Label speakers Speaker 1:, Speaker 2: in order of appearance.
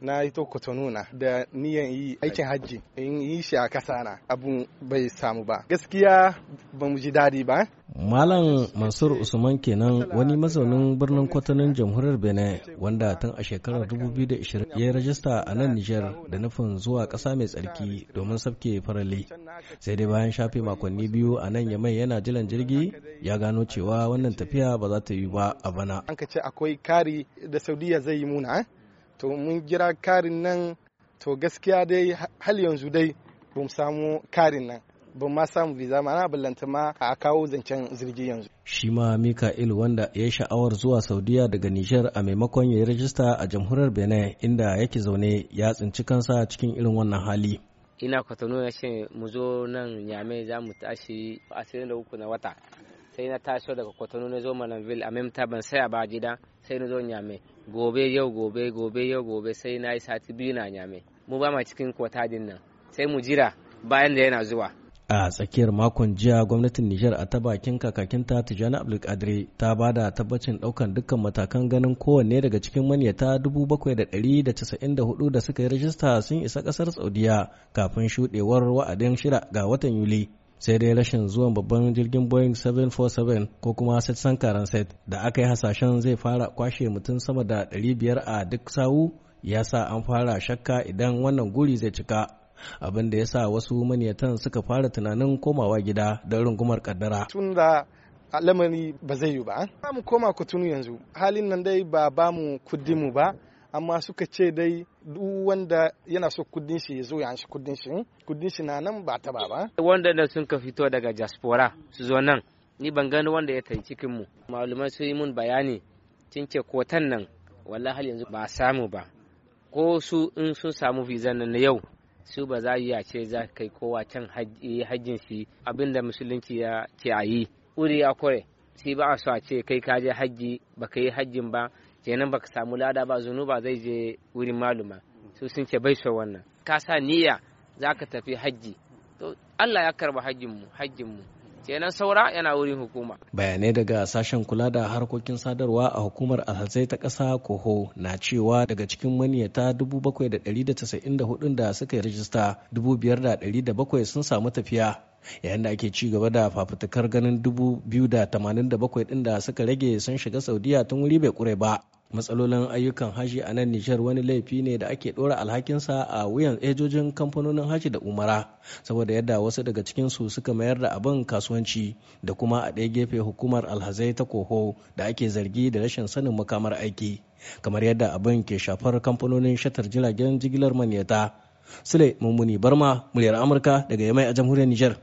Speaker 1: na yi to kotonuna da niyan yi aikin hajji in yi shi a kasa na abun bai samu ba gaskiya ba mu ji daɗi ba
Speaker 2: Malam Mansur Usman kenan wani mazaunin birnin kwatanin jamhuriyar Benin wanda tun a shekarar 2020 ya yi rajista a nan Nijar da nufin zuwa ƙasa mai tsarki domin sabke farali. Sai dai bayan shafe makonni biyu a nan Yamai yana jilan jirgi ya gano cewa wannan tafiya ba za ta yi ba a bana.
Speaker 1: An ka ce akwai kari da Saudiya zai yi muna to mun gira karin nan to gaskiya dai hal yanzu dai ba mu samu karin nan ba ma samu visa ma ballanta ma a kawo zancen zirgi yanzu.
Speaker 2: Shi ma Mika'il wanda ya sha'awar zuwa Saudiya daga Nijar a maimakon ya yi rajista a jamhuriyar Benin inda yake zaune ya tsinci kansa cikin irin wannan hali.
Speaker 3: Ina kwatano ya ce mu zo nan Nyame za mu tashi a uku na wata sai na taso daga kwatano na zo malamville a memta ban saya ba gida sai na zo nyame gobe yau gobe gobe yau gobe sai na yi sati biyu na nyame mu ba ma cikin kwatadin nan sai mu jira bayan da yana zuwa
Speaker 2: a tsakiyar makon jiya gwamnatin nijar a ta bakin kakakinta tijjani abdulkadir ta ba da tabbacin daukan dukkan matakan ganin kowanne daga cikin manyata 7,194 da suka yi rajista sun isa kasar saudiya kafin shudewar wa'adin shira ga watan yuli sai dai rashin zuwan babban jirgin boeing 747 ko kuma set da aka yi hasashen zai fara kwashe mutum sama da 500 a duk sawu ya sa an fara shakka idan wannan guri zai cika abin da ya sa wasu maniyatan suka fara tunanin komawa gida da rungumar kaddara
Speaker 1: tun da lamari ba zai yi ba mu koma kutunu yanzu halin nan dai ba ba mu kuddimu ba amma suka ce dai duk wanda yana so kudin shi ya zo ya kudin shi hmm? kudin shi na nan ba ta ba ba
Speaker 3: wanda da sun ka fito daga diaspora su zo nan ni ban gani wanda ya tai cikin mu malumai sun yi mun bayani cinke kotan nan wallahi hal yanzu ba samu ba ko su in sun samu visa nan na yau su ba za yi ce za kai kowa can hajjin shi abinda musulunci ya ce a yi uri ya kore sai ba a so a ce kai ka je hajji ba ka yi hajjin ba kenan baka samu lada ba zunuba zai je wurin maluma su sun ce bai so wannan ka sa niyya za ka tafi hajji to Allah ya karba hajjin mu hajjin mu kenan saura yana wurin hukuma
Speaker 2: bayanai daga sashen kula da harkokin sadarwa a hukumar alhazai ta kasa koho na cewa daga cikin maniyata 7,194 da suka yi rajista 5,700 sun samu tafiya yayin da ake ci gaba da fafutukar ganin 2,087 da suka rage sun shiga saudiya tun wuri bai kure ba matsalolin ayyukan haji a nan nijar wani laifi ne da ake ɗora alhakinsa a wuyan ejojin kamfanonin haji da umara saboda yadda wasu daga cikinsu suka mayar da abin kasuwanci da kuma a ɗaya gefe hukumar alhazai ta koho da ake zargi da rashin sanin makamar aiki kamar yadda abin ke shafar kamfanonin shatar jiragen jigilar manyata sule mummuni barma muryar amurka daga yamai a jamhuriyar nijar